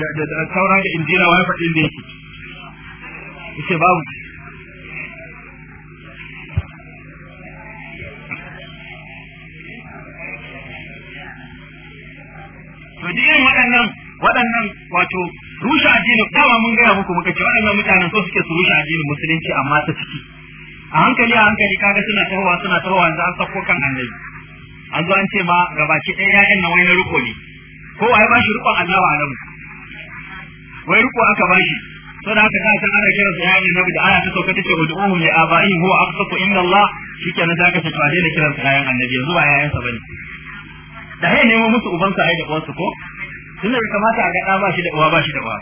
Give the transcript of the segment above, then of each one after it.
da saura da injira wa ya faɗi inda yake yace babu to irin waɗannan waɗannan wato rushe addinin dama mun gaya muku muka ce waɗannan mutanen so suke su rushe addinin musulunci amma ta ciki a hankali a hankali kaga suna tarwa suna tarwa yanzu an sako kan annabi an zo an ce ma gabaki ɗaya ƴaƴan nan wai na riko ne ko ai ba shi rikon Allah a alamu wai riko aka bashi to da haka da san ana kira su yayin annabi da aya ta sauka tace ud'uhum li abaihi huwa aqsatu inda Allah shikenan da aka ce to a daina kiran su yayin annabi yanzu ba yayin sa bane da ne nemo musu uban sa ai da uwansu ko tunda bai kamata a ga da ba shi da uwa ba shi da uwa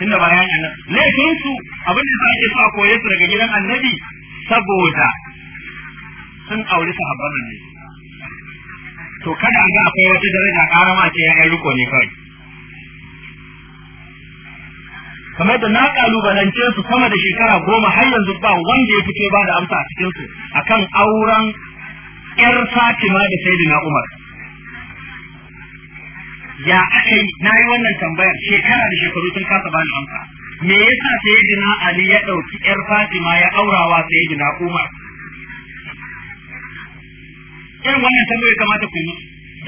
tunda ba yayin annabi laifin su abin da sai ke so a koye su daga gidan annabi saboda sun aure sahabban ne to kada a ga akwai wata daraja karama ce yayin riko ne kawai kamar da na kalubalance su sama da shekara goma har yanzu ba wanda ya fito ba da amsa a cikin su akan auren yar Fatima da Sayyidina Umar ya aka na yi wannan tambayar shekara da shekaru sun kasa bani amsa me yasa Sayyidina Ali ya dauki yar Fatima ya aurawa Sayyidina Umar irin wannan tambayar kamata ku yi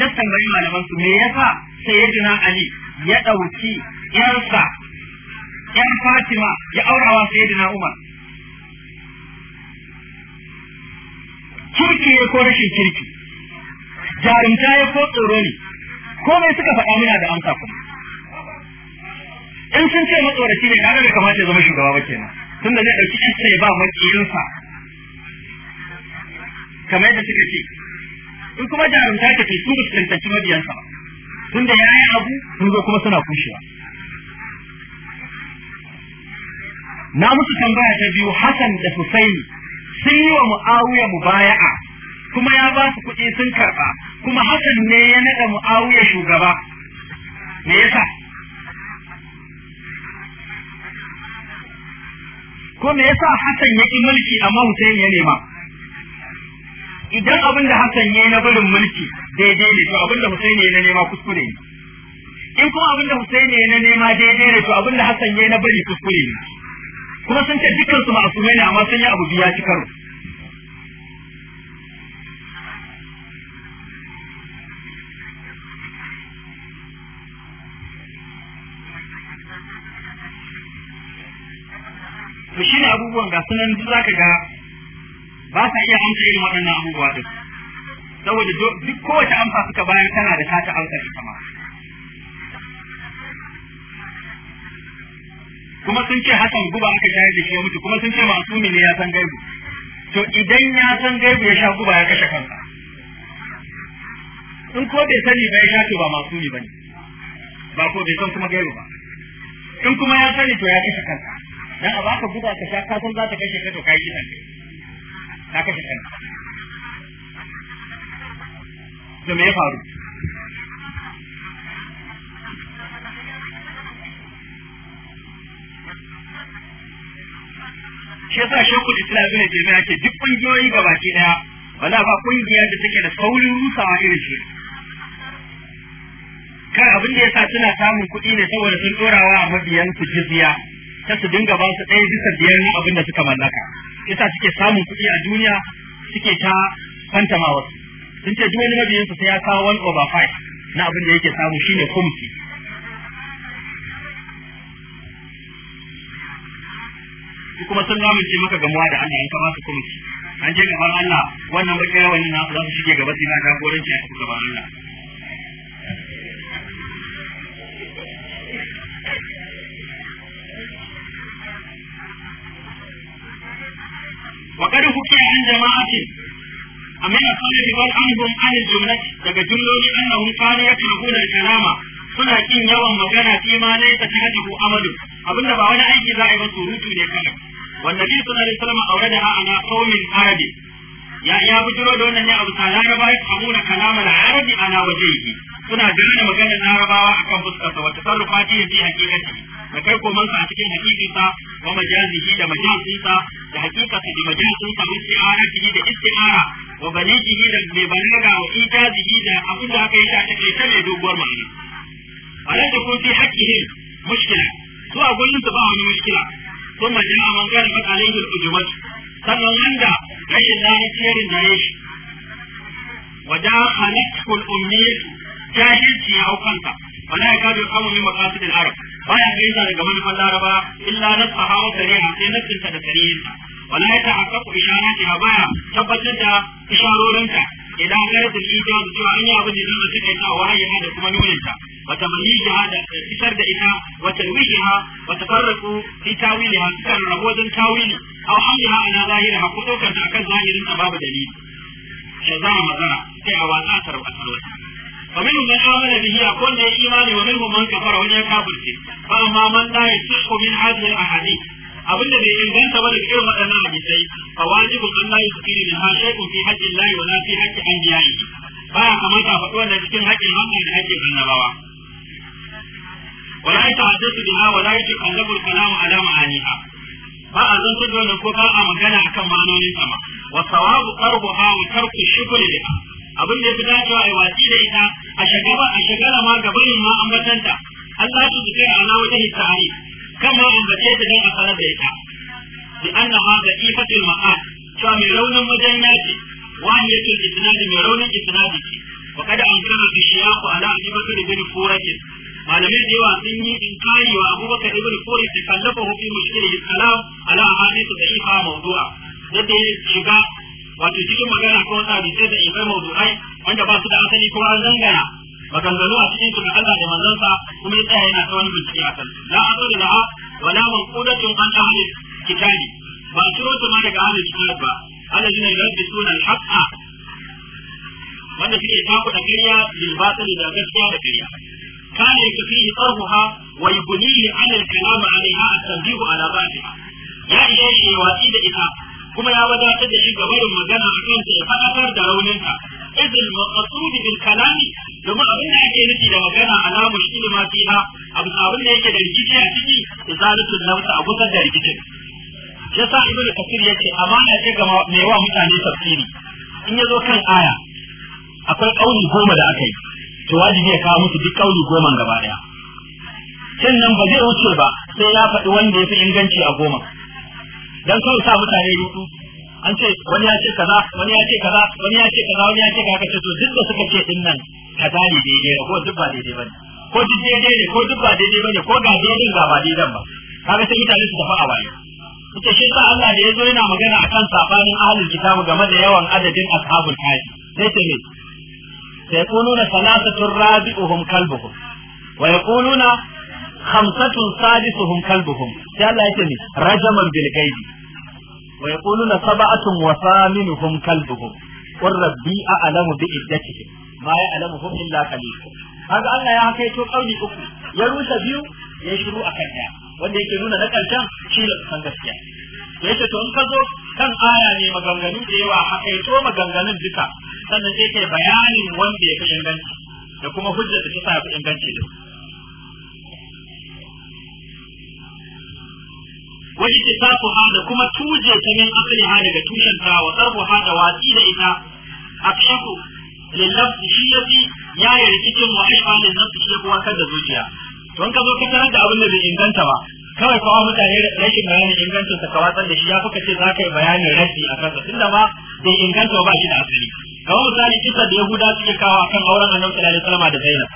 dan tambayi malaman su me yasa Sayyidina Ali ya dauki yarsa yan Fatima ya aura aurawa sayyidina Umar kirki ne ko rashin kirki jarumta ya ko tsoro ne ko mai suka faɗa muna da amsa kuma in sun ce matsoraci ne na bai kamata ya zama shugaba ba kenan tun da zai ɗauki ƴansa ya ba makiyinsa kamar yadda suka ce in kuma jarumta ta ce su fuskantaci mabiyansa tun da ya yi abu sun zo kuma suna kushewa na musu tambaya ta biyu Hassan da Hussein sun yi wa Muawiya mubaya'a kuma ya ba su kuɗi sun karɓa kuma Hassan ne ya naɗa Muawiya shugaba me yasa ko me yasa Hassan ya ki mulki amma Hussein ya nema idan abin da Hassan ya yi na barin mulki daidai ne to abin da Husaini ya nema kuskure ne in kuma abin da Husaini ya nema daidai ne to abin da Hassan ya yi na bari kuskure ne kuma sun ce dukkan su ma'asumai ne amma sun yi abu biya ci karo to shi ne abubuwan ga sunan duk zaka ga ba sa iya amsa irin waɗannan abubuwa din saboda duk kowace amsa suka bayan tana da tata amsa ta ma kuma sun ce hakan guba aka shayar da shi ya mutu kuma sun ce masu ne ya san gaibu to idan ya san gaibu ya sha guba ya kashe kansa in ko bai sani ba ya sha to ba masu bane ba ko bai san kuma gaibu ba in kuma ya sani to ya kashe kansa dan a baka guba ka sha ka san za ta kashe ka to kai kisan ka kashe kanka to me ya faru shi yasa shekul islam ibn taymiya ke duk kungiyoyi baki daya wala ba kungiya da take da saurin rusawa irin shi kai abin da yasa suna samun kuɗi ne saboda sun dorawa a mabiyan su jizya ta su dinga ba su ɗaya bisa biyar abin da suka mallaka yasa suke samun kuɗi a duniya suke ta fantama wasu sun ce duk wani mabiyin su sai ya kawo 1 over 5 na abin da yake samu shine kumfi su kuma sun lamunce maka gamuwa da Allah in ka ba kuma an je gaban Allah wannan bakin yawan nan za su shige gaba sina ta shi a gaban Allah وقد حكي عن جماعة من السلف والأنهم عن الجملة كجملة أنهم كانوا يكرهون الكلام suna kin yawan magana fi ma laysa tahdihu amalu abinda ba wani aiki za yi ba surutu ne والنبي صلى الله عليه وسلم أوردها على قوم عادي يا يا أبو جرود أن يا أبو سعد أنا بايك أبونا كلام العربي على وجهه كنا جانا مجانا العربا آه، وأكم بسكتا وتصرفاتي في حقيقتي لكركم من فأسكي حقيقي تا ومجازه إلى مجاز تا لحقيقة دي مجاز تا واستعارته إلى استعارة وبنيته إلى لبنرة وإيجازه إلى أبونا كي تعتك لسل يدوب ورمانا ألا تكون في حقه مشكلة سواء قلنت بقى مشكلة ثم جاء من غلبت عليه الهجمات sannan wanda rashin lafiyar da ya shi wada halittul ummiyatu jahilci ya hukanta wala ya kaji kamun min maqasidil arab baya gaisa daga manufan laraba illa nasaha wa sariha sai nasinta da sarihinta wala ya tabbatar da isharorinta idan garatul ijaz cewa an yi abin da zan suke ta wahayi da kuma nuninta wa tamayyiha da fitar da ita wa tarwihiha wa tafarraqu fi tawiliha kan rabodin tawili aw hamliha ala zahiriha ko dokar ta akan zahirin ta babu dalili ya zama magana sai a watsa ta tarwata wa minhum man amana bihi akwai da imani wa minhum man kafara wani ya kafirce fa amma man la yasihu min hadhihi al ahadith abin da bai inganta ba da irin waɗannan hadisai fa wajibun an la yusiri min ha shay'un fi haqqi Allah wa la fi haqqi anbiya'i ba ya kamata a faɗi wannan cikin haƙƙin Allah da haƙƙin annabawa ولا يتحدث بها ولا يجب أن نبر الكلام على معانيها ba a zan tudu da ko ba a magana akan ma'anonin sama wa sawabu qarbuha wa tarku shukri biha abin da yafi dacewa ai wasi da ita a shagaba a shagala ma gabanin ma ambatanta Allah ya tuke a na wajen tsari kama ambace ta don a da ita ma annaha da ifatul ma'ad cewa mai raunin wajen yaki wani yake isnadi mai raunin isnadi ce wa kada an kana bi shiyaku ala abubakar ibn furakin malamai da yawa sun yi inkari wa abubakar ibn furik da kallafa hufi mushkili kalam ala ahadithu da ifa mawdu'a yadda ya siga, wato cikin magana ko wani hadisi da ifa mawdu'ai wanda ba su da asali ko an zangana maganganu a cikin su da Allah da manzansa kuma ya tsaya yana ta wani bincike a kan la asali da ha wala manqudatun an ahli kitabi ba a ciro ta ma daga ahli kitabi ba alladina yulabbisuna al-haqqa wanda suke takuda ƙarya bil batili da gaskiya da ƙarya كان يكفيه طرفها ويبنيه على الكلام عليها التنبيه على ذاتها يا إلهي يواسيد إذا كما يا وداك دي غير مجانا أكانت فأثر درونك إذ المقصود بالكلام domin abin da ake nufi da magana alamu shi ne mafi ha abin da yake da rikici a ciki izalatul nauta a gusar da rikicin yasa ibnu kasir yace ya ce ga mai wa mutane tafsiri in ya zo kan aya akwai kauli goma da aka yi to wajibi ya kawo musu duk kauli goma gaba daya can nan ba zai wuce ba sai ya faɗi wanda ya fi inganci a goma dan kawai sa mutane rutu an ce wani ya ce kaza wani ya ce kaza wani ya ce kaza wani ya ce kaza ce to duk da suka ce din nan kaza ne daidai ko duk ba daidai bane ko duk daidai ne ko duk ba daidai bane ko ga daidai ga ba daidan ba kaga sai mutane su tafi a waye ita shi sa Allah da yazo yana magana akan sabanin ahlul kitabu game da yawan adadin ashabul kafi sai ce me sai kununa salatatun rabi'uhum kalbuhum wa yaquluna khamsatun sadisuhum kalbuhum sai Allah ya ce me rajaman bil gaibi wa yaquluna sab'atun wa thaminuhum kalbuhum qur rabbi a'lamu bi iddatihim alamu ya'lamuhum illa qalil kaga Allah ya kai to kauli uku ya rusa biyu ya shiru akan daya wanda yake nuna na karshen shi ne san gaskiya yace to in ka zo kan aya ne maganganu da yawa haka to duka sannan sai bayanin wanda ya fi inganci da kuma hujjar da ta sa ya fi inganci da wani tisafu ha da kuma tuje ta min asali ha daga tushen ta wa sarfu ha da watsi da ita akshaku lillafsi shi yafi ya yi rikicin wa ashfa lillafsi shi kuwa kan zuciya don ka zo ka tarar da abin da bai ingantawa, kawai kawai mutane rashin bayanin ingancinsa ka da shi ya fuka ce za ka yi bayanin rashi a kansa tunda ma bai inganta ba shi da asali kamar misali kisa da yahuda suke kawo akan auren annabi sallallahu alaihi wasallam da zainab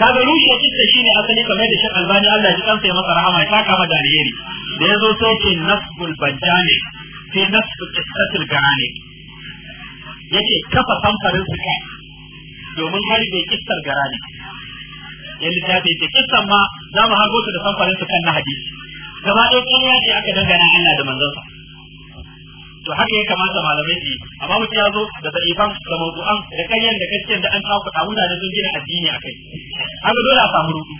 kaga rushe kitta shine asali kamar da shin albani Allah ya kansa ya masa rahama ya kama da alheri da yazo sai ce nasbul bajani fi nasb kittatul garani yace kafa samfarin su kai domin harbe kistar garani ya littafi ce kistar ma za mu harbo su da samfarin su kan na hadisi gaba ɗaya kuma ya ce aka dangana Allah da manzansa to haka ya kamata malamai su yi amma mutum ya zo da da'ifan da mawdu'an da karyan da gaskiyan da an kawo kuɗa muna da sun gina addini a kai haka dole a samu ruɗu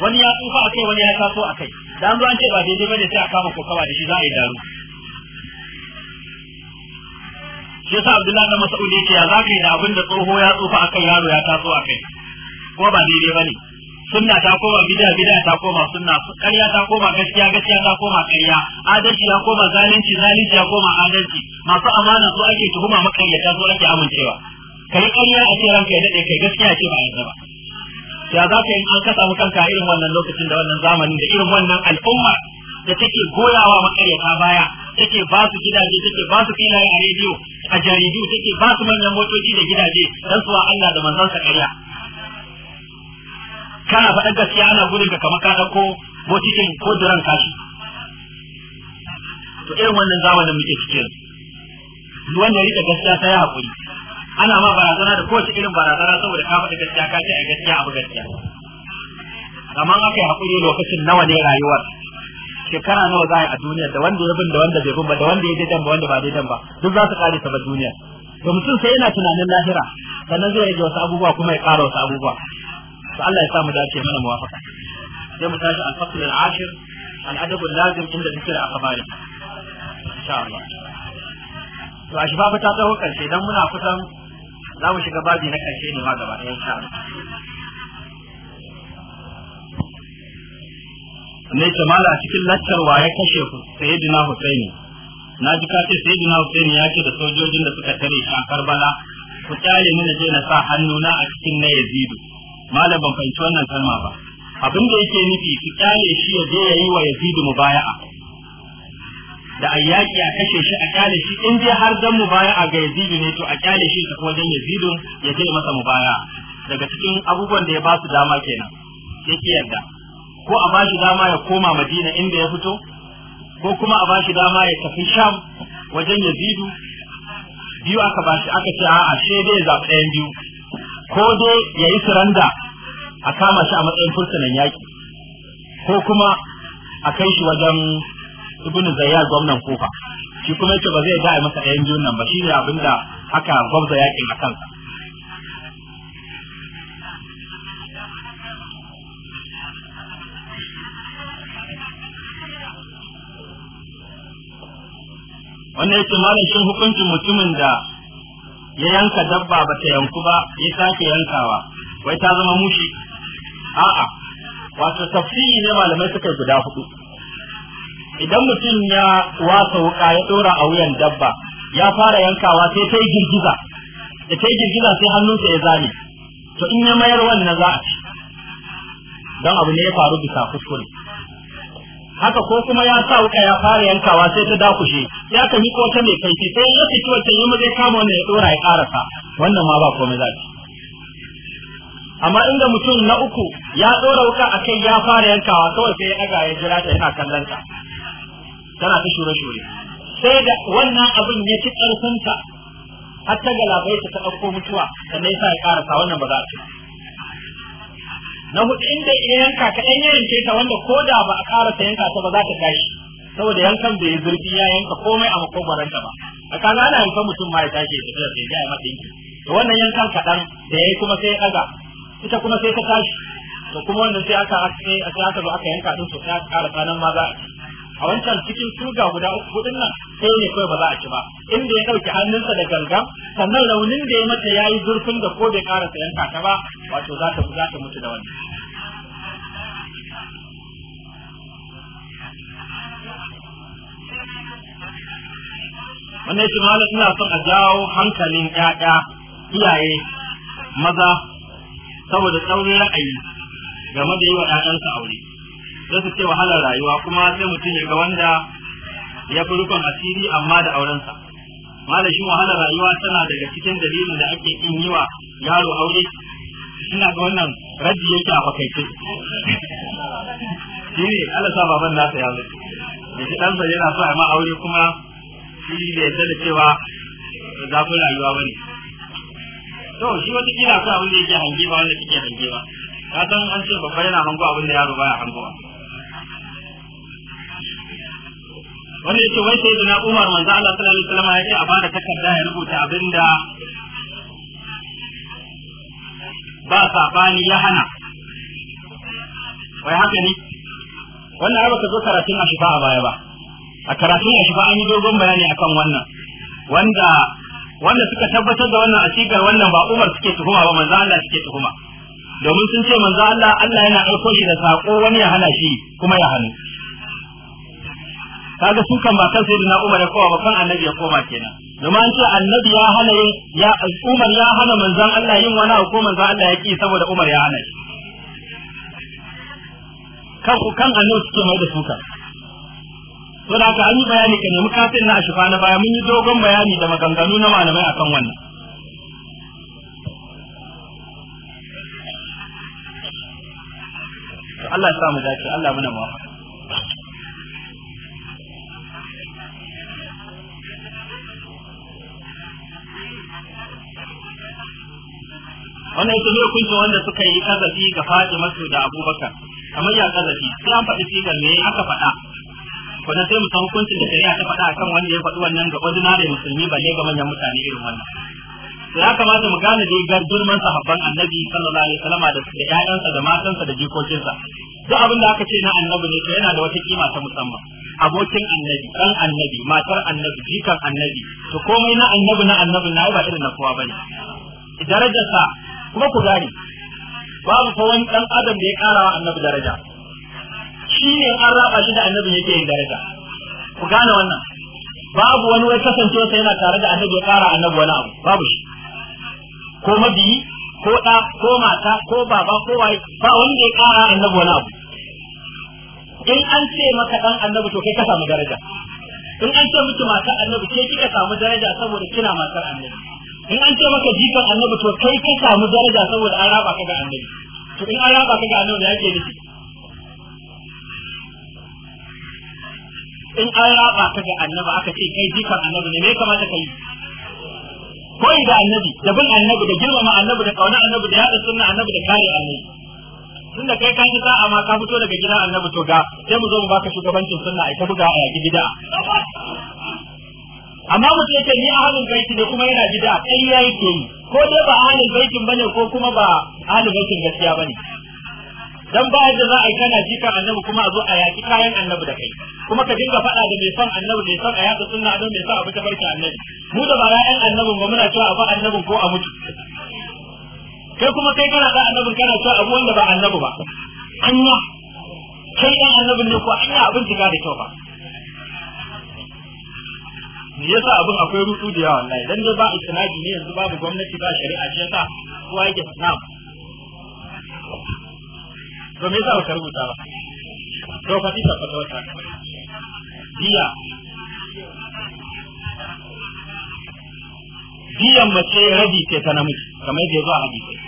wani ya tsufa a kai wani ya taso a kai da an zo an ce ba daidai ba ne sai a kama kokawa da shi za a yi daru shi yasa Abdullahi na Mas'ud yake ya zaka yi da abin da tsoho ya tsufa a kai yaro ya taso a kai ko ba daidai ba ne sunna ta koma bid'a bid'a ta koma sunna ƙarya ta koma gaskiya gaskiya ta koma ƙarya adalci ya koma zalunci zalunci ya koma adalci masu amana su ake tuhuma makayyata su ake amincewa kai ƙarya a ce ranka ya dade kai gaskiya ce ba yanzu ba ya za ka yi an kasa mu kanka irin wannan lokacin da wannan zamanin da irin wannan al'umma da take goyawa makaryata baya take ba su gidaje take ba su filaye a rediyo a jaridu take ba su manyan motoci da gidaje dan suwa Allah da manzon sa ƙarya kana faɗar gaskiya ana gudun ka kamar ka ɗauko cikin ko duran kashi to irin wannan zamanin muke cikin wanda ya rike gaskiya sai ya haƙuri ana ma barazana da kowace irin barazana saboda ka faɗi gaskiya ka ce a gaskiya abu gaskiya amma aka yi haƙuri lokacin nawa ne rayuwar shekara nawa za a yi a duniya? da wanda ya bin da wanda bai bin ba da wanda ya daidan ba wanda ba daidan ba duk za su ƙare ta ba duniya. to mutum sai yana tunanin lahira sannan zai rage wasu abubuwa kuma ya ƙara wasu abubuwa to Allah ya samu dace mana muwafaka sai mu tashi al-fasl al-ashir al-adab al-lazim inda zikr akhbari insha Allah to a shifa ta tsawo karshe dan muna kusan za mu shiga babi na karshe ne ma gaba ɗaya insha Allah ne kamala a cikin laccarwa ya kashe ku sayyidina Husaini na ji ka ce sayyidina Husaini ya ce da sojojin da suka tare shi a Karbala ku tsare ni na je na sa hannuna a cikin na Yazidu malam ban fahimci wannan kalma ba abin da yake nufi ki kyale shi ya je yayi wa yazidu mubaya'a da ayyaki a kashe shi a kyale shi in dai har dan mubaya'a ga yazidu ne to a kyale shi ta wajen yazidu ya je masa mubaya'a daga cikin abubuwan da ya ba su dama kenan yake yadda ko a ba shi dama ya koma Madina inda ya fito ko kuma a ba shi dama ya tafi Sham wajen Yazidu biyu aka bashi aka ce a'a sai dai zaɓi ɗayan biyu ko dai ya yi suranda a kama shi a matsayin fursunan yaƙi ko kuma a kai shi wajen ibn zayyar gwamnan kofa shi kuma yace ba zai da masa ɗayan juna nan ba shine abinda haka gwamza yaƙin a kansa wannan yake malam shin hukuncin mutumin da ya yanka dabba ba ta yanku ba ya sake yankawa wai ta zama mushi a'a wato tafsiri ne malamai suka guda hudu idan mutum ya wasa wuka ya dora a wuyan dabba ya fara yankawa sai ta yi girgiza da ta yi girgiza sai hannunsa ya zame to in ya mayar wannan za a ci don abu ne ya faru bisa kuskure haka ko kuma ya sa wuka ya fara yankawa sai ta dakushe ya ka miko ta mai kaifi sai ya fito wacce yi zai kama wannan ya dora ya karasa wannan ma ba komai za ci amma inda mutum na uku ya tsora wuka a kai ya fara yankawa kawai sai ya ɗaga ya jira ta yana kallon ta tana ta shure-shure sai da wannan abin ya ci ƙarfinta har ta labai ta ɗauko mutuwa sannan ya sa ya ƙarasa wannan ba za a ci na hudu inda ya yanka ka ɗan yanke ta wanda ko da ba a ƙarasa yanka ta ba za ta gashi. saboda yankan bai zurfi ya yanka komai a makogwaranta ba a kaga ana yankan mutum ma ya tashi ya tafi da sai ya mata yanki to wannan yankan kaɗan da ya yi kuma sai ya ɗaga ita kuma sai ta tashi to kuma wannan sai aka sai aka zo aka yanka din to aka ƙara tsanan ma za a wancan cikin suga guda uku hudun nan sai ne kawai ba za a ci ba inda ya dauki hannunsa da ganga sannan raunin da ya mata yayi zurfin da ko bai ƙara yanka ta ba wato za ta za ta mutu da wannan wannan shi malam ina son a jawo hankalin ƴaƴa iyaye maza saboda tsaurin ra'ayi game da yi wa ɗansa aure za su ce wahalar rayuwa kuma sai mutum ya ga wanda ya fi rufin asiri amma da aurensa malashin wahalar rayuwa tana daga cikin dalilin da ake kin yi wa yaro aure ina ga wannan raji yake a fakaice shi ne Allah sa baban nasa ya zai da shi ɗansa yana so a ma aure kuma shi ne yarda da cewa zafin rayuwa bane to shi wata kila ko abin da yake hange ba wanda kike hange ba ka san an ce babba yana hango abin da yaro baya hangowa wanda yake wai sai da Umar manzo Allah sallallahu alaihi wasallam yake a bada takarda ya rubuta abinda da ba sabani ya hana wai haka ne wannan ai baka zo karatun ashifa a baya ba a karatun ashifa an yi dogon bayani akan wannan wanda wanda suka tabbatar da wannan asiga wannan ba Umar suke tuhuma ba manzo Allah suke tuhuma domin sun ce manzo Allah Allah yana aiko shi da sako wani ya hana shi kuma ya hana kaga su kan ba kan sayyidina Umar ya kowa ba kan annabi ya koma kenan domin an ce annabi ya hana yin ya Umar ya hana manzo Allah yin wani abu ko manzo Allah ya ki saboda Umar ya hana shi kan kan annabi suke mai da suka to da an yi bayani ka nemi kafin na shifa na baya mun yi dogon bayani da maganganu na malamai akan wannan Allah ya samu dace Allah muna wannan ita ne hukuncin wanda suka yi kazafi ga Fatima da Abubakar kamar ya kazafi sai an faɗi sigar me aka faɗa wannan sai mu san hukuncin da shari'a ta faɗa akan wanda ya faɗi wannan ga ordinary musulmi balle ga manyan mutane irin wannan to ya kamata mu gane dai ga durman sahabban annabi sallallahu alaihi wasallam da da ƴaƴansa da matansa da jikokinsa duk abin da aka ce na annabi ne to yana da wata kima ta musamman abokin annabi ɗan annabi matar annabi jikan annabi to komai na annabi na annabi na ba irin na kowa bane darajarsa kuma ku gane babu fa wani dan adam da ya karawa annabi daraja shi ne an raba shi da annabi yake yin daraja ku gane wannan babu wani wai kasance sai yana tare da annabi ya kara annabi wani abu babu shi ko mabiyi ko ɗa ko mata ko baba ko wai ba wani ya kara annabi wani abu in an ce maka dan annabi to kai ka samu daraja in an ce miki mata annabi ke kika samu daraja saboda kina matar annabi in an ce maka jikan annabi to kai ka samu daraja saboda an raba ka ga annabi to in an raba ka ga annabi da yake nufi in an raba ka ga annabi aka ce kai jikan annabi ne me ya kamata ka yi koyi da annabi da bin annabi da girmama annabi da kauna annabi da yada sunna annabi da kare annabi tun da kai ka ji sa'a ma ka fito daga gidan annabi to ga sai mu zo mu baka shugabancin sunna ai ta buga a yaki gida amma mutum yake ni ahalin baiti ne kuma yana gida kai yayi ke yi ko dai ba ahalin baitin bane ko kuma ba ahalin baitin gaskiya bane dan ba da za a yi kana jika annabi kuma a zo a yaki kayan annabi da kai kuma ka dinga faɗa da mai son annabi mai son a yaka sunna don mai son abu ta barka annabi mu da ba ra'ayin annabin ba muna cewa a ba annabin ko a mutu kai kuma kai kana da annabin kana cewa abu wanda ba annabi ba anya kai dan annabin ne ko anya abin jiga da kyau ba me yasa abin akwai rutu da yawa wallahi dan da ba isnadi ne yanzu babu gwamnati ba shari'a ce yasa kowa yake snap to me yasa ba ka rubuta ba to fa tisa fa wata diya diyan mace rabi ce ta namiji kamar yadda ya zo a hadisi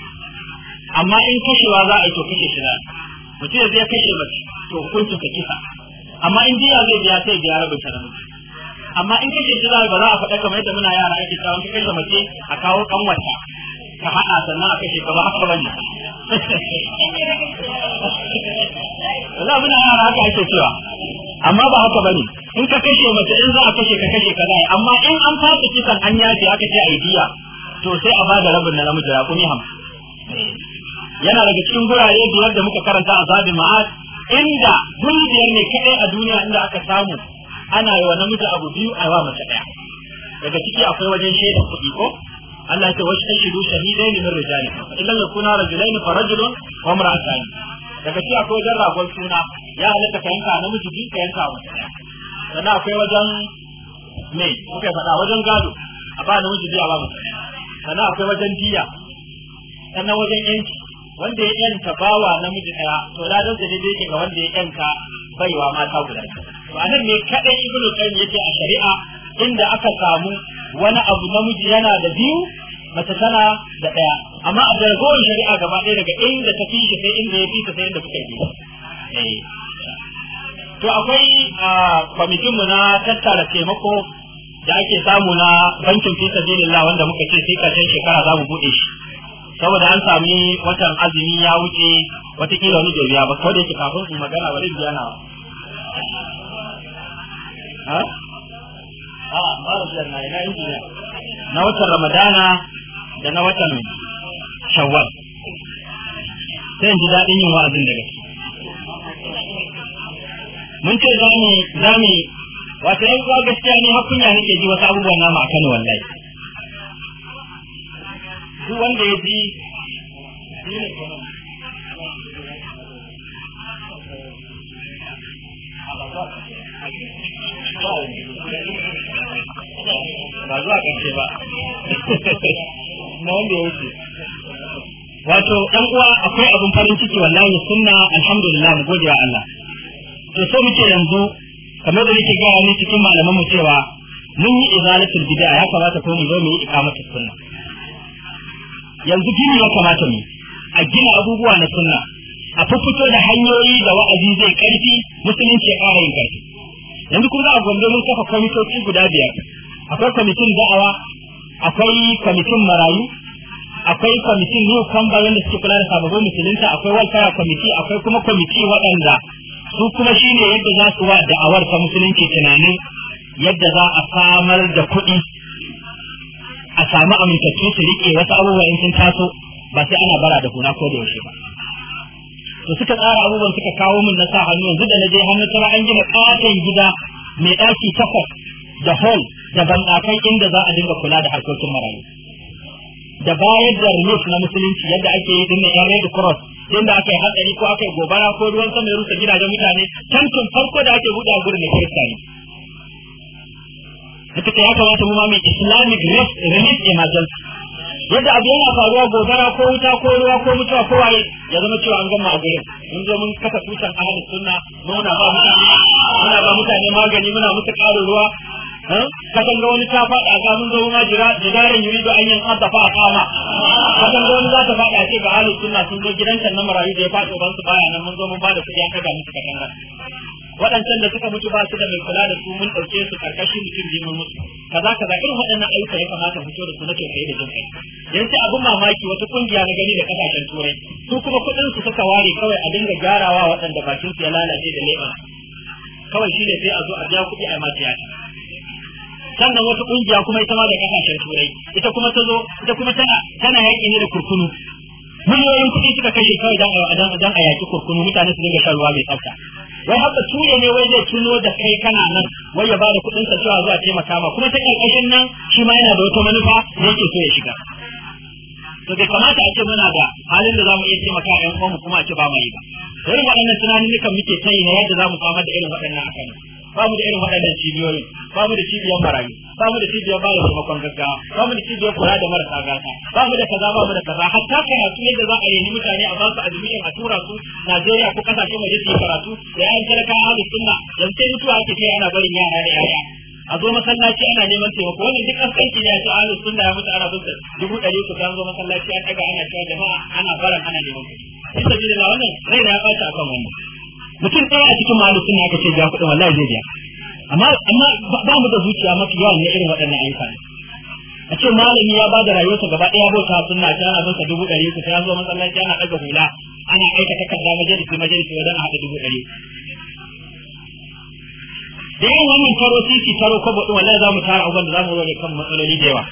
amma in kashewa za a yi to kashe shi mutum ya zai kashe mace to hukuncin ka kisa amma in diya zai biya sai biya rabin ta namiji amma in kashe shi za ba za a faɗa kamar yadda muna yara ake kawo ka kashe mace a kawo kanwata ka haɗa sannan a kashe ka ba haka ba ne. wala muna yara haka ake cewa amma ba haka bane in ka kashe mace in za a kashe ka kashe ka zai amma in an fasa kisan an yace aka ce biya, to sai a bada rabin na namiji ya kuni ham yana daga cikin gurare biyar da muka karanta a zabi ma'ad inda guriyar ne kadai a duniya inda aka samu ana yi wa namiji abu biyu a wa mace daya daga ciki akwai wajen shaida kuɗi ko Allah ya ce wasu shahidu shahidaini min rijalikum illa yakuna rajulaini farajulun wa imra'atani daga shi akwai wajen ragon suna ya halatta ka yanka namiji biyu ka yanka wa sannan akwai wajen mai kuka faɗa wajen gado a ba namiji a ba mutum sannan akwai wajen diya sannan wajen yanki wanda ya yanka bawa namiji ɗaya to da don da daidai ke ga wanda ya yanka baiwa mata guda to anan ne kadai ibnu qayyim yake a shari'a inda aka samu wani abu namiji yana da biyu mace tana da ɗaya amma a jargon shari'a gaba ɗaya daga inda ta fi sai inda ya fi sai inda kuka yi eh. to akwai kwamitin mu na tattara taimako da ake samu na bankin fi sabilillah wanda muka ce sai karshen shekara za mu buɗe shi saboda an sami watan azumi ya wuce watakila wani jirgin ya ba kawai da yake kafin su magana bari biya na ba ina injiniya na watan ramadana da na watan shawwal sai in ji daɗin yin wa'azin da gaske mun ce za mu za mu wato yan kuwa gaskiya ne har kunya nake ji wasu abubuwan namu a Kano wallahi duk wanda ya ji Thank you. ba zuwa ƙarshe ba na wanda ya wuce wato ɗan uwa akwai abin farin ciki wallahi sunna alhamdulillah mu gode wa Allah to so muke yanzu kamar da yake gaya ne cikin malaman mu cewa mun yi izalatul bid'a ya kamata ko mu zo mu yi ikamatu sunna yanzu gini ya kamata mu a gina abubuwa na sunna a fito da hanyoyi da wa'azi zai karfi musulunci ya ƙara yin karfi yanzu kuma za a gwamnati mun kafa kwamitoci guda biyar akwai kwamitin da'awa akwai kwamitin marayu akwai kwamitin yau kamba wanda suke kula da sababbin musulunta akwai walfara kwamiti akwai kuma kwamiti waɗanda su kuma shine yadda za su wa da'awar ta musulunci tunanin yadda za a samar da kuɗi a samu amintattu su rike wasu abubuwa in sun taso ba sai ana bara da gona ko da yaushe ba to suka tsara abubuwan suka kawo min na sa hannu yanzu da na je hannu tara an gina katon gida mai ɗaki takwas da hall da bandakai inda za a dinga kula da harkokin marayu da bayar da relief na musulunci yadda ake yi din yan red cross inda aka yi hatsari ko aka yi gobara ko ruwan sama ya rusa gidajen mutane tantin farko da ake buɗe gurin da kirista ne duka ya kamata mu ma mai islamic relief emergency yadda abu yana faruwa gobara ko wuta ko ruwa ko mutuwa ko waye ya zama cewa an gama a gurin mun zo mun kafa tutan ahli sunna muna ba mutane muna ba mutane magani muna musu ƙarin ruwa kasan ga wani ta faɗa ga mun zo ma jira da daren yuri da anyan hadda fa kama kasan ga wani za ta faɗa ce ga ahlus sunna sun zo gidan kan na marayu da ya faɗo ban su baya nan mun zo mun bada kuɗi aka ga musu katanga waɗancan da suka mutu ba su da mai kula da su mun ɗauke su karkashin mutum biyu mun mutu kaza kaza irin waɗannan ayyuka ya kamata fito da su na kai da jin kai yanzu abin mamaki wata kungiya na gani da kasashen turai su kuma kuɗin su suka ware kawai a dinga gyarawa waɗanda bakin su ya lalace da leɓa kawai shi ne sai a zo a biya kuɗi a ma tiyata sannan wata kungiya kuma ita ma da kasashen turai ita kuma ta zo ita kuma tana tana yaƙi ne da kurkunu miliyoyin kuɗi suka kashe kawai dan dan dan a yaƙi kurkunu mutane su dinga sharuwa mai tsafta wai haka tuye ne wai zai tuno da kai kana nan wai ya bada kuɗin sa cewa zuwa taimaka ma kuma ta ƙarƙashin nan shi ma yana da wata manufa da yake so ya shiga to bai kamata a ce muna da halin da zamu iya taimaka ƴan uwanmu kuma a ce ba mu yi ba irin waɗannan tunanin muke sai na yadda zamu samar da irin waɗannan akan ba mu da irin waɗannan cibiyoyin ba mu da cibiyar marayu ba mu da cibiyar bayar makon gaggawa ba mu da cibiyar kula da marasa gata ba mu da kaza ba mu da kaza hatta karatu yadda za a yi mutane a ba su admission a tura su Najeriya ko kasashen waje su yi karatu da yayin talaka ahlu suna, dan sai mutuwa ake kai ana barin yara da yaya a zo masallaci ana neman taimako wannan duk kaskanci ne a cikin ahlu sunna ya mutu ana zuwa dubu ɗari ku zo masallaci an daga ana cewa jama'a ana baran ana neman kuɗi bisa da wannan rai na ya ɓaci akan wannan mutum ɗaya a cikin malu suna aka ce biya kuɗin wallahi zai biya amma amma ba mu da zuciya mafi yawan ne irin waɗannan ayyuka a ce malami ya ba da rayuwarsa gaba ɗaya bauta sunna ta ana masa dubu ɗari ta ta zo masallaci ana ɗaga hula ana aika takarda majalisi majalisi wajen a haɗa dubu ɗari da yin wannan taro sisi taro kwabo ɗin wallahi za mu tara abubuwan da za mu rage kan matsaloli da yawa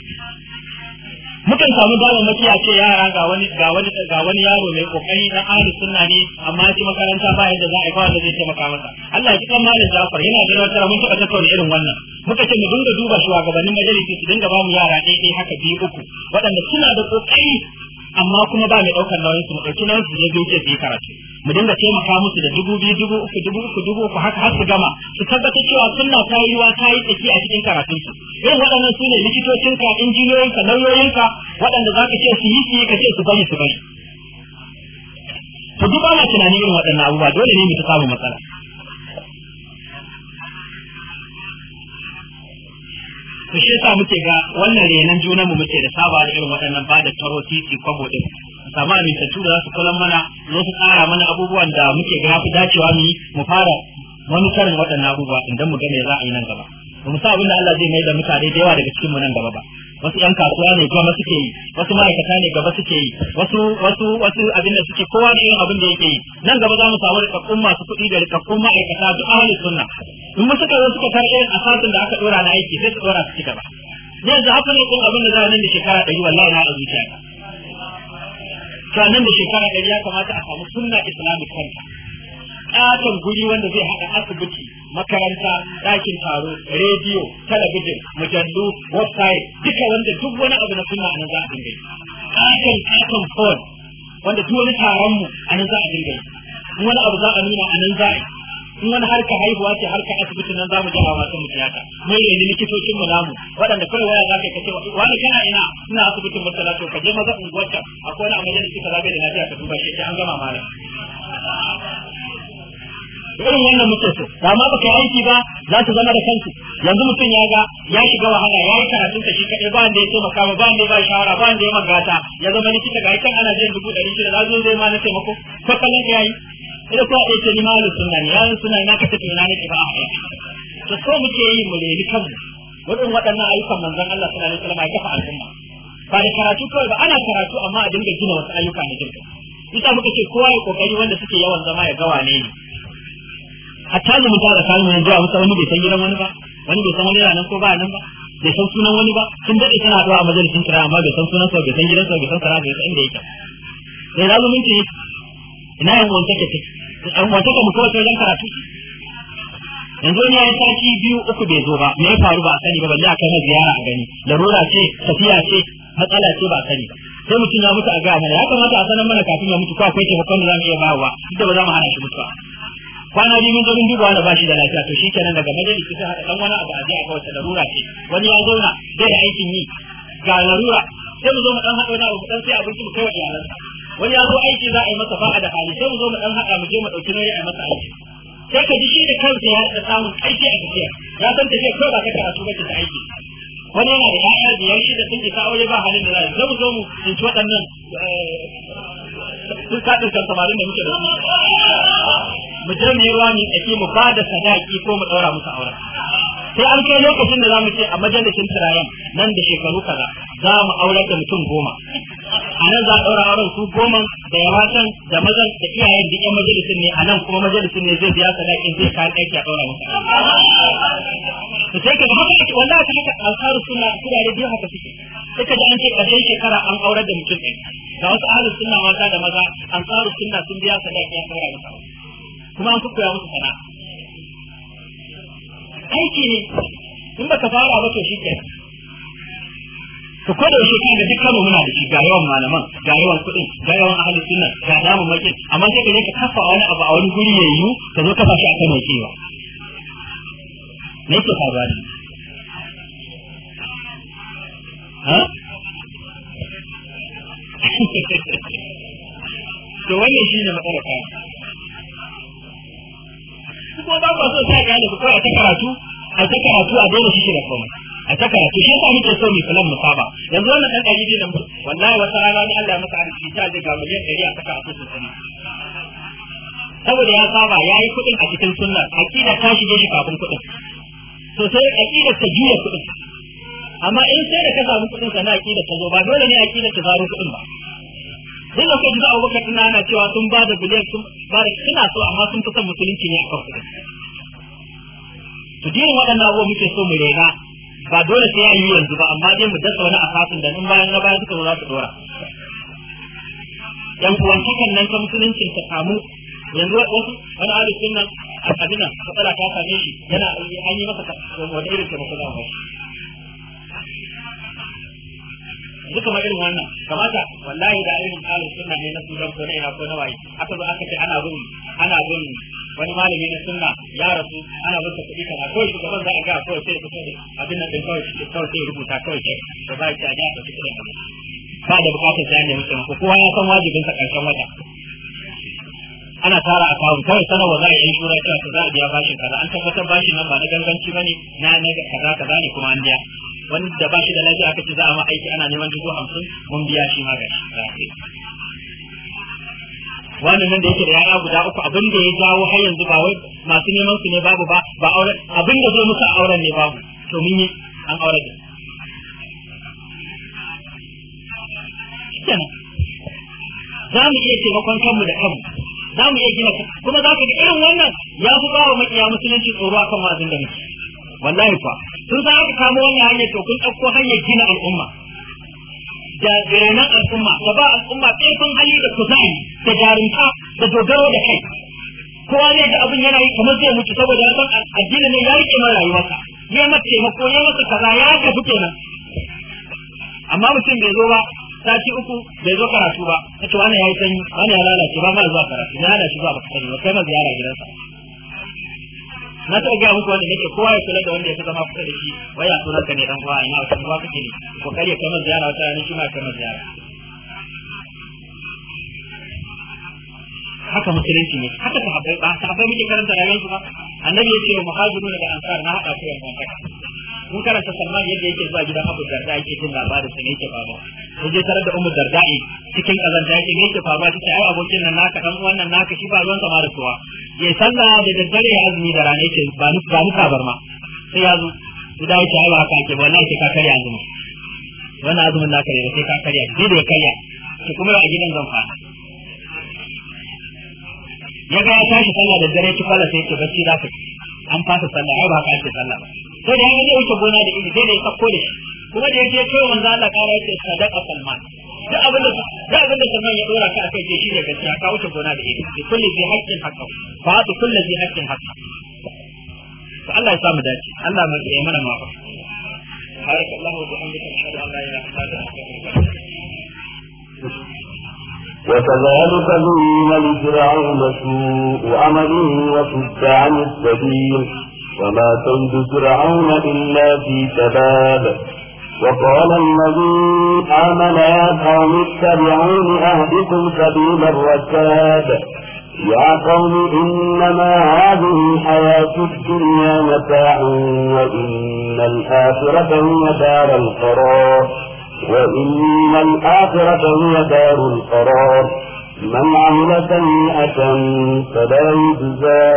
mukan samu gawa maki a yara ga wani ga wani ga wani yaro mai kokari dan ahli sunna ne amma shi makaranta ba yadda za a yi ba da zai taimaka masa Allah ya kitan malam Jafar yana da wata mun taba tattauna irin wannan muka ce mu dinga duba shugabannin majalisi su dinga ba mu yara daidai haka biyu uku waɗanda suna da kokari amma kuma ba mai daukar nauyin su mu dauki nauyin su je ce su karatu mu dinga taimaka musu da dubu biyu dubu uku dubu uku dubu uku haka har su gama su tabbata cewa sunna ta yi ta yi tsaki a cikin karatun su irin waɗannan su ne likitocinka injiniyoyinka lauyoyinka waɗanda za ka ce su yi su ka ce su bari su bari to duk ana tunanin irin waɗannan abubuwa dole ne mu ta samu matsala to shi yasa muke ga wannan renan junan mu muke da saba da irin waɗannan ba da taro titi kwabo din sama mai tattu da su kullum mana zo su tsara mana abubuwan da muke ga fi dacewa mu mu fara wani karin waɗannan abubuwa idan mu gane za a yi nan gaba ba mu sa abin da Allah zai mai da mutane da yawa daga cikin mu nan gaba ba wasu yan kasuwa ne gaba suke yi wasu ma'aikata ne gaba suke yi wasu wasu wasu abin da suke kowa da yin abin da yake yi nan gaba za mu samu rikakkun masu kuɗi da rikakkun ma'aikata duk ahalin sunna in mu suka zo suka karɓe asasin da aka dora na aiki sai su dora su cika ba yanzu haka ne kun abin da za nan da shekara ɗari wallahi na a zuciya to nan da shekara ɗari ya kamata a samu sunna islamic kanta katon guri wanda zai haɗa asibiti makaranta ɗakin taro rediyo talabijin mujallu website duka wanda duk wani abu na sunna a nan za a dinga katon katon phone wanda duk wani taron mu a nan za a dinga wani abu za a nuna a nan za a yi in wani harka haihuwa ce harka asibiti nan za je a wasu mu tiyata mai ne likitocin mu namu waɗanda kawai waya zaka kace wani kana ina ina asibitin murtala to ka je maza unguwarka akwai wani amalin da zabe da lafiya ka duba shi an gama mara irin wannan muke so ba ma baka yi aiki ba za su zama da kansu yanzu mutum ya ga ya shiga wahala ya yi karatun ta shi kaɗai, ba wanda ya taimaka ba ba wanda ya ba shawara ba wanda ya magata ya zama likita ga kan ana jin dubu ɗari shida za zo zai ma na taimako ko kallon ka yayi Ina ko a ce limanin sunna ne yayin sunna ina ka tafi na ne ba a to so muke yi mu nemi kanmu wurin waɗannan ayyukan manzon Allah sallallahu alaihi wasallam ya kafa al'umma ba da karatu kawai ba ana karatu amma a dinga gina wasu ayyuka na jirga ita muka ce kowa ya kokari wanda suke yawan zama ya gawa ne ne hatta da mutum da samun yanzu a wasu wani bai san gidan wani ba wani bai san wani yana nan ko ba nan ba bai san sunan wani ba sun daɗe tana zuwa a majalisin kira amma bai san sunan sa bai san gidan sa bai san sana'a bai san inda yake sai na zumunci ina yan wanke ka take an wanke mutuwa ta wajen karatu yanzu ne ya sati biyu uku bai zo ba me ya faru ba a sani ba balle a kai na ziyara a gani larura ce tafiya ce matsala ce ba a sani ba sai mutum ya mutu a ga mana ya kamata a sanar mana kafin ya mutu ko akwai taimakon da za mu iya bawa duk da ba za mu hana shi mutuwa kwana biyu mun zo mun duba wanda ba shi da lafiya to shi kenan daga majalisi sai haɗa ɗan wani abu a je a ga wata larura ce wani ya zauna bai da aikin yi ga larura sai mu zo mu ɗan haɗa wani abu ɗan sai abinci mu kai wa iyalansa wani ya zo aiki za a yi masa ba'a da hali sai mu zo mu dan haɗa mu je mu ɗauki nauyi a yi masa aiki sai ka ji shi da kansa ya da samun aiki a tafiya ya san tafiya kawai ba ka karatu ba ta aiki wani yana da ƴaƴa biyar shi da sun isa aure ba halin da za sai mu zo mu tsinci waɗannan eh, sun kaɗin kan samarin da muke da su mu je mu yi ruwa mu tsaki mu ba da sadaki ko mu ɗaura musu aure sai an kai lokacin da zamu ce a majalisin turayen nan da shekaru kaza za mu aurar da mutum goma a nan za a ɗaura auren su goma da yawatan da mazan da iyayen da yan majalisin ne a nan kuma majalisin ne zai biya sadakin zai kayan aiki a ɗaura musu to sai ka haka wanda wallahi ta haka alfaru suna kurare biyu haka suke sai ka ji an ce ƙarshen shekara an aurar da mutum ɗaya ga wasu ahalin suna mata da maza an alfaru suna sun biya sadaki a ɗaura musu kuma an kuka musu sana'a aiki ne in baka fara ba to shi ke to ko da yake da duk kano muna da shi ga yawan malaman ga yawan kuɗin ga yawan ahli sunna ga damu maki amma sai ka je ka kafa wani abu a wani guri ya yiwu ka zo ka fashi a kano kewa me yake faruwa ne ha to wannan shine matsalar ko ba ku so sai gane ko kawai ta karatu a ta karatu a dole shi da komai a ta karatu shi yasa muke so mu kalan mu saba yanzu wannan dan dari biyu da mu wallahi wata rana ni Allah masa arziki ta daga miliyan 100 a ta karatu sosai saboda ya saba ya yi kuɗin a cikin sunna aqida ta shige shi kafin kuɗin to sai aqida ta juya kuɗin amma in sai da ka samu kuɗin sana aqida ta zo ba dole ne aqida ta zaro kuɗin ba duk da kai abubakar tana yana cewa sun ba da biliyan sun ba da suna so amma sun fi son musulunci ne a kan kudi. to waɗannan abubuwa muke so mu rena ba dole sai an yi yanzu ba amma dai mu dasa wani asasin da in bayan na suka zo za su dora yan cikin nan ta musulunci ta samu yanzu wasu wani ahli nan a Kaduna matsala ta same shi yana an yi masa wani irin taimako za mu duka ma irin wannan kamata wallahi da irin kalin sunna ne na sunan ko na ina ko na waye aka zo aka ce ana gun ana gun wani malami na sunna ya rasu ana bin kuɗi kana kawai shugaban za a ga kawai sai su sani abin nan kawai kawai sai rubuta kawai ke da za ka ga da kuɗi ba da bukatar sai ne mutum ko kowa ya san wajibin sa karshen wata ana tara a kawo kawai sanar wa za a yi shura cewa za a biya bashin kaza an tabbatar bashin nan ba na ganganci bane na na kaza kaza ne kuma an biya wanda ba shi da lafiya aka ce za a ma aiki ana neman dubu hamsin mun biya shi magani wannan nan da yake da yaya guda uku abin da ya jawo har yanzu ba wai masu neman su ne babu ba ba auren abin da zai musu auren ne babu to mun yi an aure da za mu iya taimakon kanmu da kanmu za mu iya gina kuma za ka ga irin wannan ya fi ba wa makiya musulunci tsoro akan wazin da muke wallahi fa sun za aka samu wannan hanyar to kun ɗauko hanyar gina al'umma da renan al'umma da ba al'umma ƙarfin hali da kuzari da jarumta da dogaro da kai kowa ne da abin yana yi kamar zai mutu saboda ya san addini ne ya rike mara rayuwarsa ya masa taimako ya masa kaza ya tafi kenan amma mutum bai zo ba sati uku bai zo karatu ba kace wannan yayi sanyi wannan ya lalace ba ma zuwa karatu ya lalace ba ba kai ma ziyara gidansa na ta ga muku wanda nake kowa ya kula da wanda ya zama kusa da shi wai a sunan ka ne dan uwa ina wata uwa kake ne ko kare kamar ziyara wata ne shi ma kamar ziyara haka musulunci ne haka sahabbai ba bai muke karanta rayuwar su ba annabi ya ce wa muhajiruna da ansar na hada su yan mun karanta salman yadda yake zuwa gidan abu darda yake jin labarin sa ne yake baba ya je tare da umu dardai cikin kazanta yake ne ke faruwa take ai abokin nan naka dan wannan naka shi ba ruwan sama da suwa ya sallah da daddare ya azumi da rana yake ba ni ba ni kabar ma sai ya zo su dawo ce ai ba haka yake ba wallahi sai ka karya azumi wannan azumin naka ne sai ka karya dai da karya ki kuma a gidan zan fara ya ga ya tashi sallah da dare ki fara sai ki bacci da ka an fasa sallah ai ba haka ake sallah ba sai da ya wuce gona da ido dai da ya sako da shi kuma da yake kai manzo Allah ka rayu da sadaqa Salman da abin da da abin da Salman ya dora ka akai ke shi ne gaskiya ka wuce gona da ita ki kulli bi haqqin haqqa fa tu kulli bi haqqin haqqa to Allah ya samu dace Allah mai yi mana mafa بارك الله وبحمدك اشهد ان لا اله الا انت وكذلك زين لفرعون سوء عمله وصد عن السبيل وما كيد فرعون الا في تباب وقال الذي آمن يا قوم اتبعون أهدكم سبيل الرشاد يا قوم إنما هذه الحياة الدنيا متاع وإن الآخرة هي دار القرار وإن الآخرة هي دار القرار من عمل سيئة فلا يجزى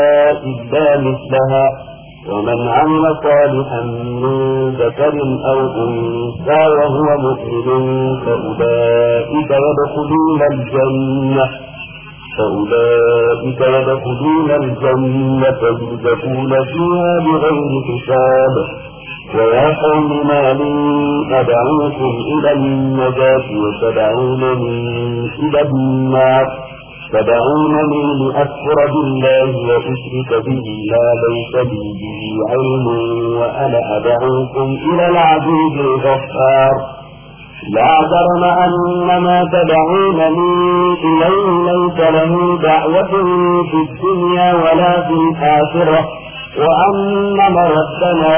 إلا مثلها ومن عمل صالحا من ذكر أو أنثى وهو مؤمن فأولئك يدخلون الجنة فأولئك يدخلون الجنة يرزقون فيها بغير حساب ويا قوم ما لي أدعوكم إلى النجاة وتدعونني إلى النار فدعونني لأكفر بالله وأشرك به ما ليس لي به علم وأنا أدعوكم إلى العزيز الغفار لا جرم أن ما تدعونني إليه ليس له دعوة في الدنيا ولا في الآخرة وأن مردنا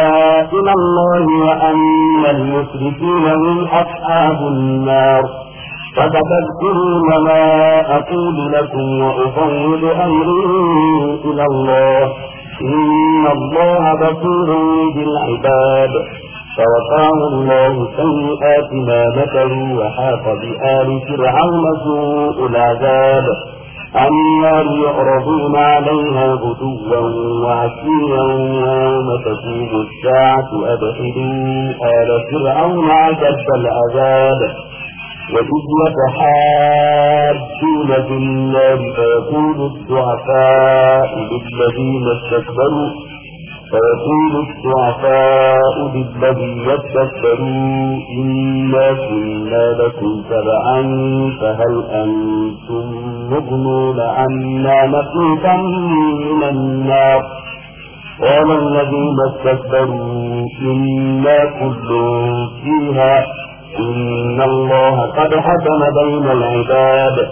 إلى الله وأن المشركين هم أصحاب النار فتذكروا ما أقول لكم وأفوض أمري إلى الله إن الله بصير بالعباد فوقاه الله سيئات ما مكروا وحاق بآل فرعون سوء العذاب النار يعرضون عليها غدوا وعشيا يوم تكون الساعة أبحدوا آل فرعون أشد العذاب وإذ يتحاجون في الله فيقول الضعفاء للذين استكبروا فيقول الضعفاء للذين استكبروا إنا كنا لكم تبعا فهل أنتم مغنون عنا نصيبا من النار قال الذين استكبروا إنا كل فيها إن الله قد حكم بين العباد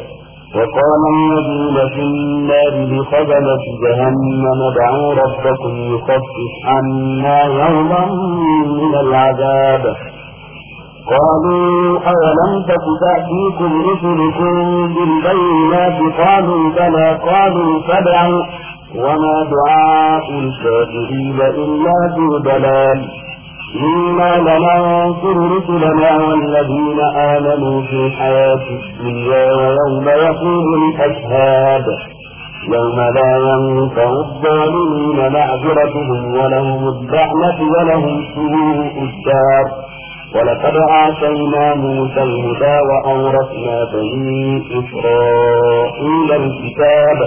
وقال الذين في النار لخزنة جهنم ادعوا ربكم يخفف عنا يوما من العذاب قالوا أولم تك تأتيكم رسلكم بالبينات قالوا بلى قالوا فدعوا وما دعاء الكافرين إلا في ضلال إنا لننصر رسلنا والذين آمنوا في الحياة الدنيا ويوم يقوم الأشهاد يوم لا ينفع الظالمين معذرتهم ولهم الرحمة ولهم سوء الدار ولقد آتينا موسى الهدى وأورثنا بني إسرائيل الكتاب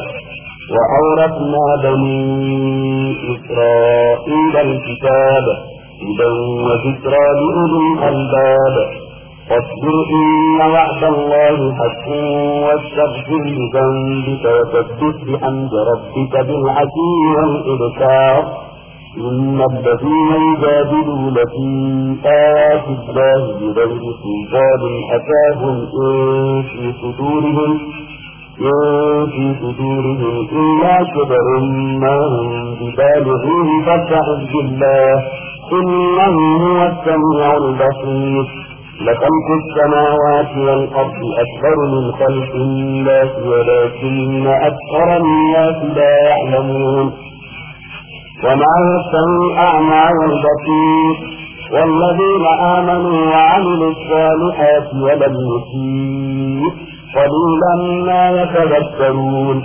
وأورثنا بني إسرائيل الكتاب هدى وذكرى لأولي الألباب فاصبر إن وعد الله حق واستغفر لذنبك وسبح بحمد ربك بالعشي والإبكار إن الذين يجادلون في آيات الله بغير سلطان أتاهم إن في صدورهم إن في صدورهم إلا كبر ما هم ببالغين فاستعذ بالله إنه هو السميع البصير لخلق السماوات والأرض أكبر من خلق الناس ولكن أكثر الناس لا يعلمون وما يستوي الأعمى والبصير والذين آمنوا وعملوا الصالحات ولم يسيء قليلا ما يتذكرون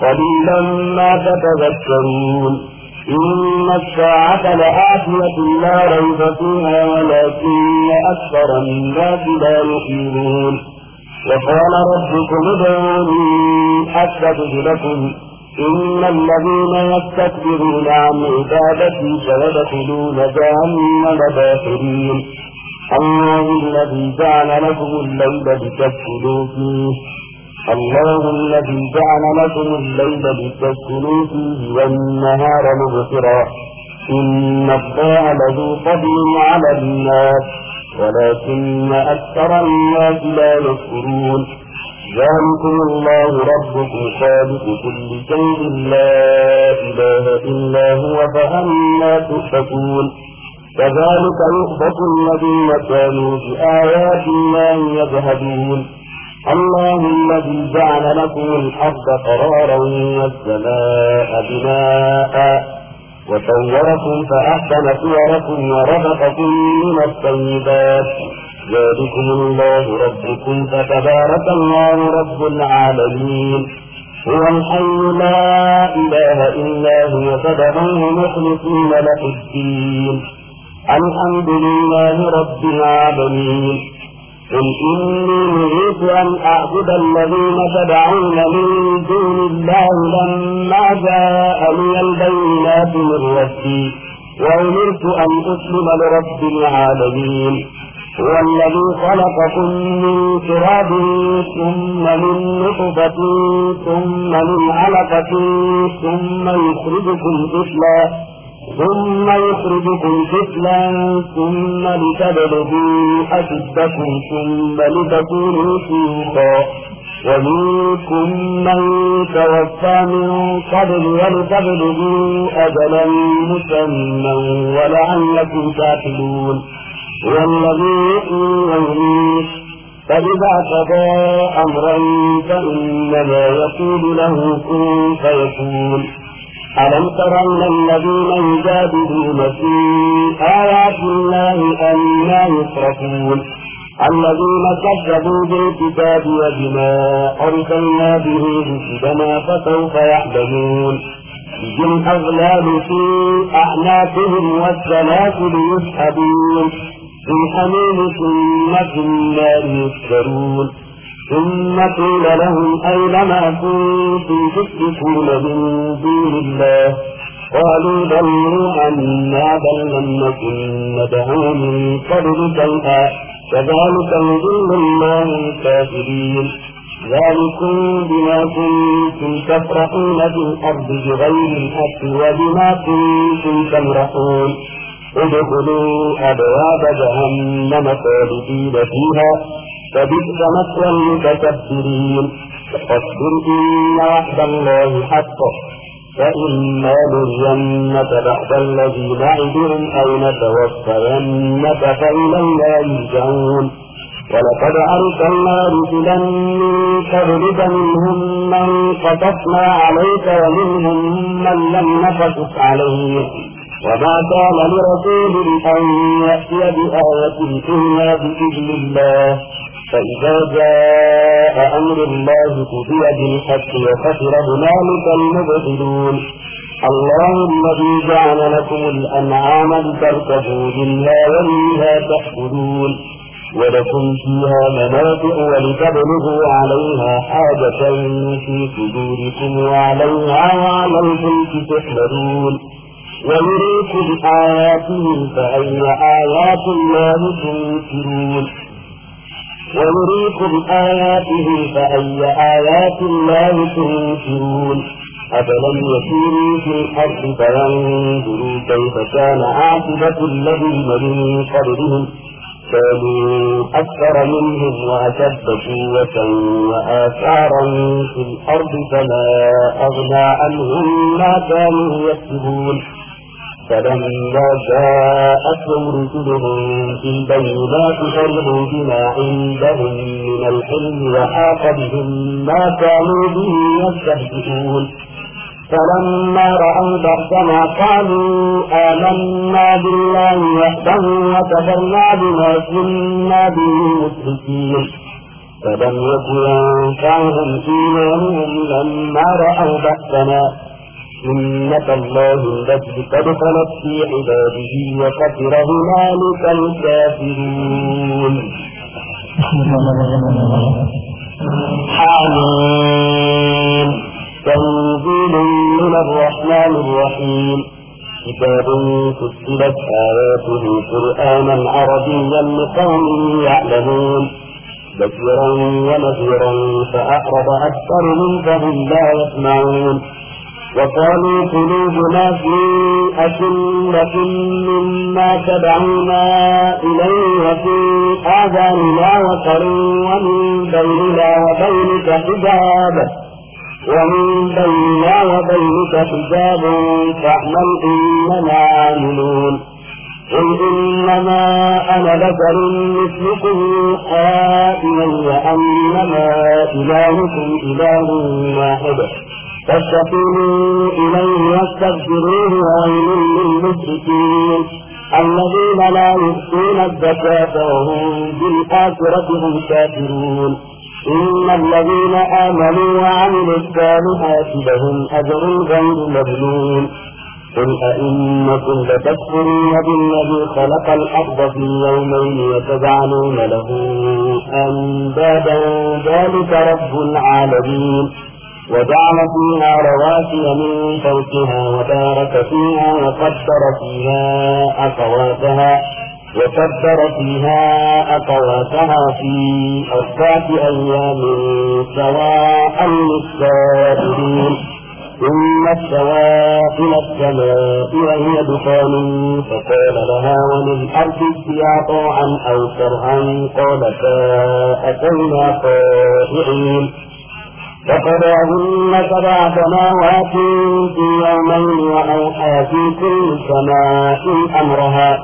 قليلا ما تتذكرون إن الساعة لآتية لا ريب فيها ولكن أكثر الناس لا يؤمنون وقال ربكم ادعوني أستجب لكم إن الذين يستكبرون عن عبادتي سيدخلون جهنم داخلين الله الذي جعل لكم الليل لتسكنوا فيه الله الذي جعل لكم الليل لتسكنوا فيه والنهار مبصرا إن الله لذو فضل على الناس ولكن أكثر الناس لا يشكرون ذلكم الله ربكم خالق كل شيء لا إله إلا هو فأنا تؤفكون كذلك يخبط الذين كانوا بآيات الله يذهبون الله الذي جعل لكم الحرب قرارا والسماء بناء وصوركم فأحسن صوركم ورزقكم من الطيبات ذلكم الله ربكم فتبارك الله رب العالمين هو الحي لا إله إلا هو فدعوه مخلصين له الدين الحمد لله رب العالمين قل إني نهيت أن أعبد الذين تدعون من دون الله لما جاءني البينات من ربي وأمرت أن أسلم لرب العالمين هو الذي خلقكم من تراب ثم من نطفة ثم من علقة ثم يخرجكم طفلا ثم يخرجكم طفلا ثم لتبلغوا أشدكم ثم لتكونوا شيوخا ومنكم من توفى من قبل ولتبلغوا أجلا مسمى ولعلكم تعقلون الذي يؤمن فإذا قضى أمرا فإنما يقول له كن فيكون ألم ترون الذين يجادلون في آيات الله لا يصرفون الذين كذبوا بالكتاب وبما أرسلنا به رسلنا فسوف يعلمون بهم أغلال في أعناقهم والسلاسل يسحبون في حميم ثم في النار يسجرون ثم قيل لهم أينما كنتم تشركون من دون الله قالوا ضلوا عنا بل لم نكن ندعو من قبل شيئا كذلك يضل الله الكافرين ذلكم بما كنتم تفرحون في الأرض بغير الحق وبما كنتم تمرحون ادخلوا أبواب جهنم خالدين فيها فبئس مثوى المتكبرين فاصبر إن وعد الله حق فإما نرينك بعد الذي نعدهم أو نتوفينك فإلينا يرجعون ولقد أرسلنا رسلا من قبلك منهم من قصصنا عليك ومنهم من لم نقصص عليه وما كان لرسول أن يأتي بآية إلا بإذن الله فإذا جاء أمر الله قضي بالحق وخسر هنالك المبطلون الله الذي جعل لكم الأنعام لتركبوا منها ومنها تأكلون ولكم فيها منافع ولتبلغوا عليها حاجة في صدوركم وعليها وعلى الفلك تحملون ويريكم آياته فأي آيات الله تنكرون ويريكم آياته فأي آيات الله تنكرون أفلم يسيروا في الأرض فينظروا كيف كان عاقبة الذين من قبلهم كانوا أكثر منهم وأشد قوة وآثارا في الأرض فما أغنى عنهم ما كانوا يكسبون فلما جاءتهم رسلهم بالبينات فرحوا بما عندهم من الحلم وحاق بهم ما كانوا به يستهزئون فلما رأوا بأسنا قالوا آمنا بالله وحده وكفرنا بما كنا به مشركين فلم يكن ينفعهم إيمانهم لما رأوا بأسنا سنة الله التي قد خلت في عباده وخسر هنالك الكافرون حميم تنزيل من الرحمن الرحيم كتاب فصلت آياته قرآنا عربيا لقوم يعلمون بشرا ونذيرا فأعرض أكثر من فهم لا يسمعون وقالوا قلوبنا في أسنة مما تدعونا إليه وفي آذاننا وقر ومن بيننا وبينك حجاب ومن بيننا وبينك حجاب فاعمل إننا عاملون قل إنما أنا بشر مثلكم يوحى إلي أنما إلهكم إله واحد فاستقيموا إليه واستغفروه ويل للمشركين الذين لا يؤتون الزكاة وهم بالآخرة هم كافرون إن الذين آمنوا وعملوا الصالحات لهم أجر غير مبنون قل أئنكم لتكفرون بالذي خلق الأرض في يومين وتجعلون له أندادا ذلك رب العالمين وجعل فيها رواسي من فوقها وبارك فيها وقدر فيها أقواتها وقدر فيها أقواتها في أربعة أيام سواء للسائلين ثم استوى إلى السماء وهي دخان فقال لها وللأرض اتيا طوعا أو كرها قالتا أتينا طائعين فقضاهن سبع سماوات في يومين وأوحى في كل سماء أمرها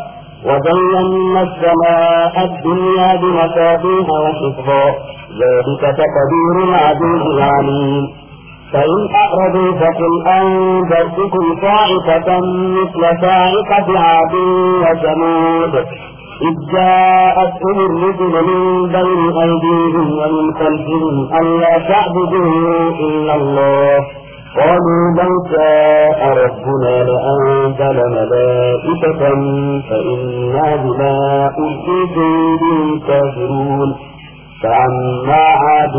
وزينا السماء الدنيا بمفاتيح وحفظا ذلك تقدير العزيز العليم فإن أعرضوا فقل أنذرتكم صاعقة مثل صاعقة عاد وثمود إذ جاءتهم الرسل من بين أيديهم ومن خلفهم ألا تعبدوا إلا الله قالوا لو شاء ربنا لأنزل ملائكة فإنا بما أرسلتم به كافرون فأما عاد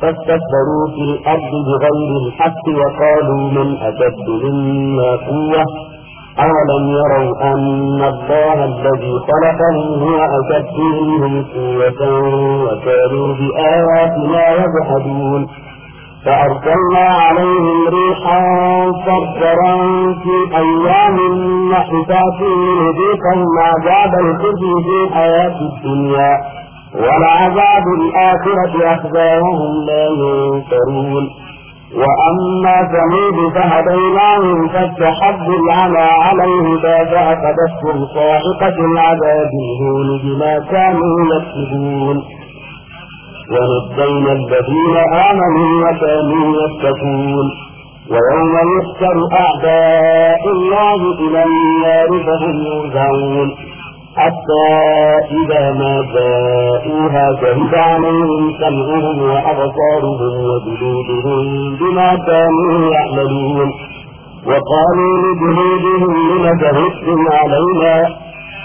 فاستكبروا في الأرض بغير الحق وقالوا من أشد منا قوة أولم يروا أن الله الذي خلقهم هو أشد منهم قوة وكانوا بآياتنا يجحدون فأرسلنا عليهم ريحا صرصرا في أيام محسوسات ما عذاب الخزي في الحياة الدنيا ولعذاب الآخرة أخزاهم لا ينكرون وأما ثمود فهديناهم فاستحبوا العمى على بابا فبشر صاعقة العذاب الهون بما كانوا يكسبون ونجينا الذين آمنوا وكانوا يتقون ويوم يحشر أعداء الله إلى النار فهم يوزعون حتى إذا ما جاءوها شهد عليهم سمعهم وأبصارهم وجلودهم بما كانوا يعملون وقالوا لجلودهم لم شهدتم علينا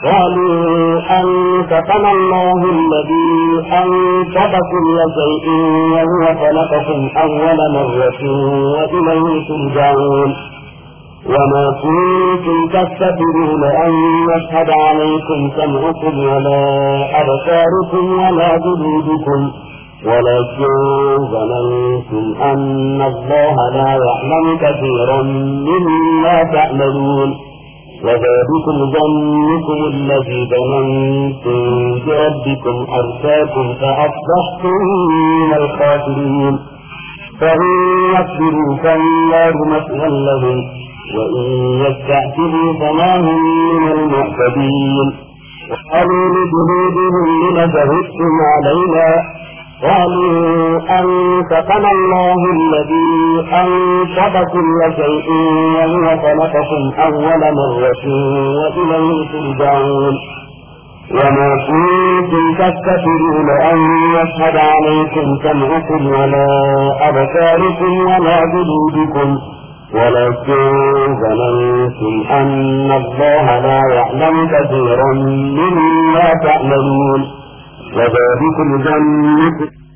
قالوا أنكفنا الله الذي أنكف كل شيء وهو خلقكم أول مرة وإليه ترجعون وما كنتم تستطيعون أن يشهد عليكم سمعكم ولا أبصاركم ولا جلودكم ولكن ظننتم أن الله لا يعلم كثيرا مما تعملون وذلكم ظنكم الذي ظننتم بربكم أرساكم فأصبحتم من الخاسرين فإن يكبروا فالنار مثوى لهم وإن يستعتبوا فما هم من المعتدين وقالوا لجهودهم لم شهدتم علينا قالوا أنفقنا الله الذي أنفق كل شيء وهو خلقكم أول مرة وإليه ترجعون وما كنتم تستطيعون أن يشهد عليكم سمعكم ولا أبصاركم ولا جلودكم ولكن ظننتم أن الله لا يعلم كثيرا مما تعملون وذلكم ظنكم